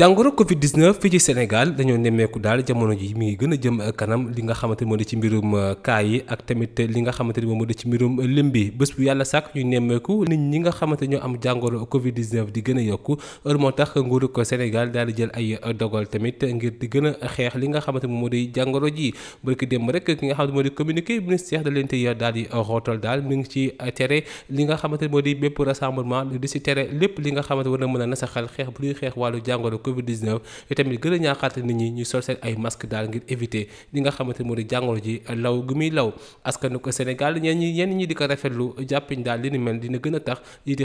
jàngoro Covid fii ci Sénégal dañoo nemmeeku daal jamono ji mi ngi gën jëm kanam li nga xamante ni moo di ci mbirum kaa euh, yi ak tamit li nga xamante ni moom moo di ci mbirum lim bi bés bu yàlla sàkk ñu nemmeeku nit ñi nga xamante ñoo am jàngoro Covid 19 di gën a yokku heure moo tax nguuru ko Sénégal daal di jël ay euh, dogal tamit ngir di gën a xeex li nga xamante moom moo di jàngoro ji barki démb rek ki nga xamante moo di communiqué ministère de l'intérieur daal di rootal daal mi ngi ci tere li nga xamante moo di bépp rassemblement di si tere lépp li nga xamante war mën a nasaxal xeex bu ñuy xeex wàllu Covid 19 te tamit gën a ñaaxaat nit ñi ñu sol seen ay masque daal ngir éviter li nga xamante moo di jàngoro ji law gu muy law askanu ko Sénégal ñenn ñi di ko rafetlu jàpp ñu daal li ni a tax yi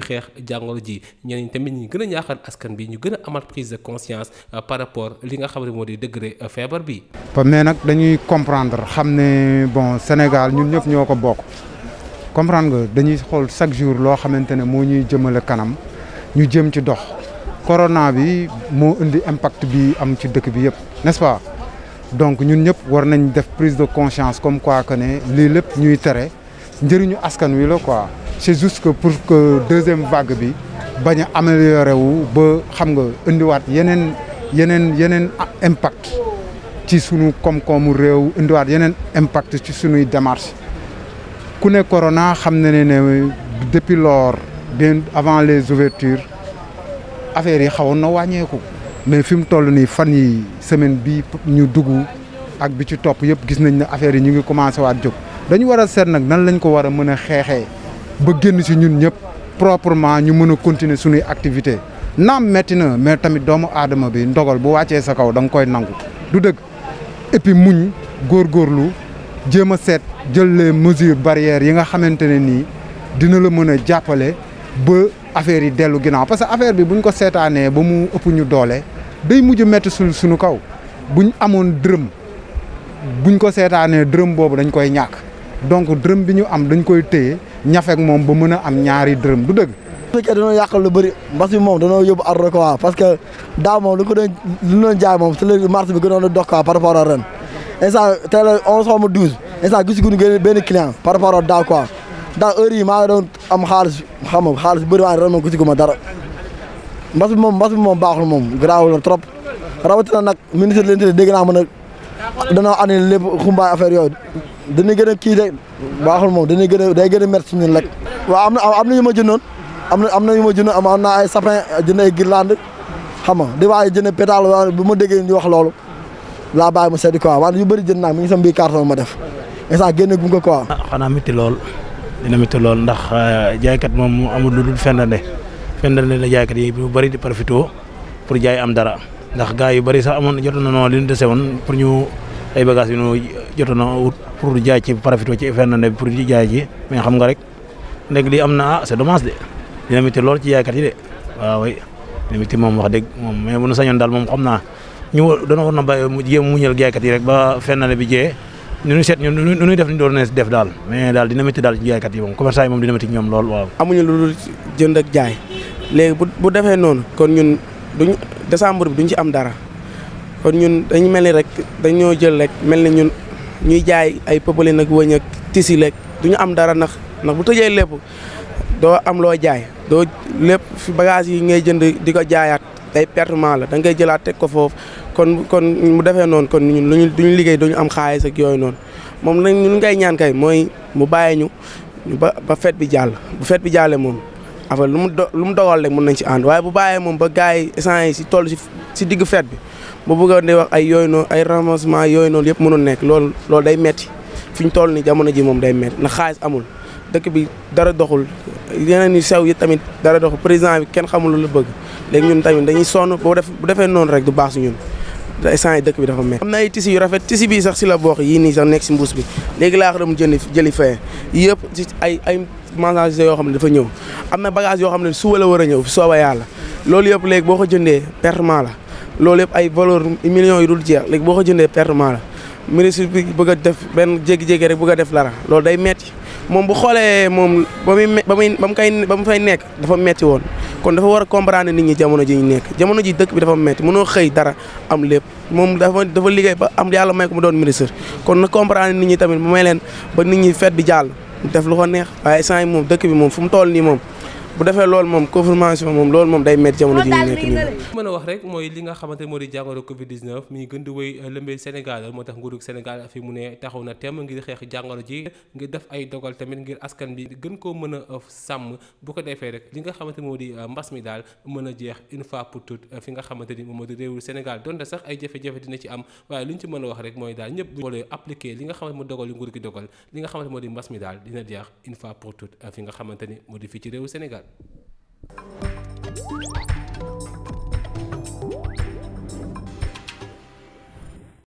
askan bi ñu gën a amal prise de conscience euh, par rapport li nga xam ne moo di degré euh, feebar bi. comme ne nag dañuy comprendre xam ne bon Sénégal ñu ñëpp ñoo ko bokk comprendre dañuy xool jour loo xamante ne moo ñuy jëmale kanam ñu jëm ci dox corona bi moo indi impact bi am ci dëkk bi yëpp n'est-ce pas donc ñun ñëpp war nañ def prise de conscience comme quoi que ne lii lépp ñuy tere njëriñu askan wi la quoi c'est juste que pour que deuxième vague bi bañ a améliorer wu ba xam nga indiwaat yeneen yeneen yeneen impact ci sunu koom-koomu réew indiwaat yeneen impact ci sunuy démarche ku ne corona xam na ne ne depuis lors bien avant les ouvertures affaire yi xawoon na wàññeeku mais fi mu toll nii fan yi semaine bi ñu dugg ak bi ci topp yëpp gis nañ ne affaire yi ñu ngi commencé waat jóg dañu war a seet nag nan lañ ko war a mën a xeexee ba génn si ñun ñëpp proprement ñu mën a continuer suñuy activité naam metti na mais tamit doomu aadama bi ndogal bu wàccee sa kaw da nga koy nangu du dëgg et puis góor góorgóorlu jéem a seet jël lee mesures barrières yi nga xamante ne nii dina la mën a jàppale ba affaire yi dellu ginnaaw parce que affaire bi buñ ko seetaanee ba mu ëpp ñu doole day mujj metti sul suñu kaw ñu amoon dërëm buñ ko seetaanee dërëm boobu dañ koy ñàkk donc dërëm bi ñu am dañ koy téye ñafek moom ba mën a am ñaari dërëm du dëgg. bu fekkee dañoo yàqal lu bëri mbas bi moom dañoo yóbbu ar que daaw moom lu ko jaay moom si la mars bi gënoon a dox quoi par rapport ak ren instant tey la onze xaw ma douze gis gisuguñu benn client par rapport ak daaw quoi. ndax heure yi maa doon am xaalis xam nga xaalis bëri waaye ren moom gis ma dara mbas bi moom mbas bi moom baaxul moom garaawul na trop rawatina nag ministre de l'intérieur dégg naa ma nag danoo annulé lépp xumbaay affaire yooyu dana gën a kii baaxul moom dañuy gën a day gën a métti suñu lekk waaw am na am na yu ma jëndoon am na am na yu ma jëndoon am naa ay sapin jënd ay guirlande xam nga di waaye jënd pétale waaye bu ma déggee ñu wax loolu laa bàyyi mu seddi quoi waaye yu bëri jënd naa mi ngi sama biir carton ma def instant génne gu quoi ah, xanaa métti lool dina métti lool ndax euh, jaaykat moom amul lu dul fendande fendande la jaaykat yi bu bari di profité pour jaay am dara ndax gaa yu bari sax amoon jotoon na noo li ñu dese woon pour ñu ay bagages yu ñu jotoon na wut pour jaay ci profité ci fendande bi pour jaay ji mais xam nga rek léegi lii am na ah c'est dommage de dina métti lool ci jaaykat yi de waaw dina métti moom wax dëgg moom mais bu nu sañoon daal moom xam naa ñu dana war na bàyyi mu jéem muñal jaaykat yi rek ba fendande bi jee ñu ngi seet ñu nu ñuy def ñu doon def daal mais daal dina métti daal ci jaaykat yi moom commerçant yi moom dina métti ñoom lool waaw. amuñu lu dul jënd ak jaay léegi bu bu defee noonu kon ñun duñ décembre bi duñ ci am dara kon ñun dañu mel ni rek dañoo jël rek mel ni ñun ñuy jaay ay pëpëlin ak wëñ ak tisi rek duñu am dara ndax ndax bu tëjee lépp doo am loo jaay doo lépp fi bagage yi ngay jënd di ko jaayaat ay pertement la da ngay jëlaat teg ko foofu. kon kon mu defee noonu kon ñun lu ñu duñu liggéey duñu am xaalis ak yooyu noonu moom nag ñun ngay ñaan kay mooy mu bàyyi ñu ba ba fête bi jàll bu fête bi jàllee moom affaire lu mu do lu mu dogal rek mën nañ ci ànd waaye bu bàyyee moom ba gars yi essence yi si toll si si digg fête bi bu bëggoon di wax ay yooyu noonu ay remboursement yooyu noonu yëpp mënoon nekk loolu loolu day metti fi ñu toll ni jamono ji moom day metti na xaalis amul dëkk bi dara doxul yeneen yu sew yi tamit dara doxul président bi kenn xamul la bëgg léegi ñun tamit dañuy sonn boo def bu defee noonu rek du baax si te instant yi dëkk bi dafa mel. am na ay yu rafet tissu bii sax si la bokk yii nii sax nekk si mbuus bi léegi laa ko doon jëli fee yëpp ci ay ay messages yoo xam ne dafa ñëw am na bagage yoo xam ne suba la war a ñëw sooba yàlla loolu yëpp léegi boo ko jëndee pertement la loolu yëpp ay valeur millions yu dul jeex léegi boo ko jëndee pertement la ministre bi bëgg a def benn jékki rek bëgg a def lara loolu day metti moom bu xoolee moom ba muy ba muy ba mu ba mu fay nekk dafa metti kon dafa war a comprendre nit ñi jamono ji ñu nekk jamono ji dëkk bi dafa metti mënoo xëy dara am lépp moom dafa dafa liggéey ba am yàlla may ko mu doon ministre kon na comprendre ni ñi tamit mu may leen ba ni ñi fête bi jàll def lu ko neex waaye instant yi moom dëkk bi moom fu mu toll nii moom bu defee loolu moom confirmation moom loolu moom day métti jamono mën a wax rek mooy li nga xamante moo di jàngoro Covid 19 gën di wéy euh, lëmbee moo tax nguurug Sénégal fi mu ne taxaw na temm ngir xeex jàngoro ji ngir def ay dogal tamit ngir askan bi gën koo mën a euh, sàmm bu ko defee rek li nga xamante moo di euh, mbas mi daal mën a jeex une fois pour toutes fi nga xamante ni moom moo di réewul Sénégal donte sax ay jafe dina ci am waaye li ñu ci a wax rek mooy daal ñëpp boole appliqué li nga xamante moo dogal li nguur gi dogal li nga moo di mbas mi daal dina jeex une fois pour toutes fi nga xamante ni moo di fi ci réewu Sénégal Sénégal.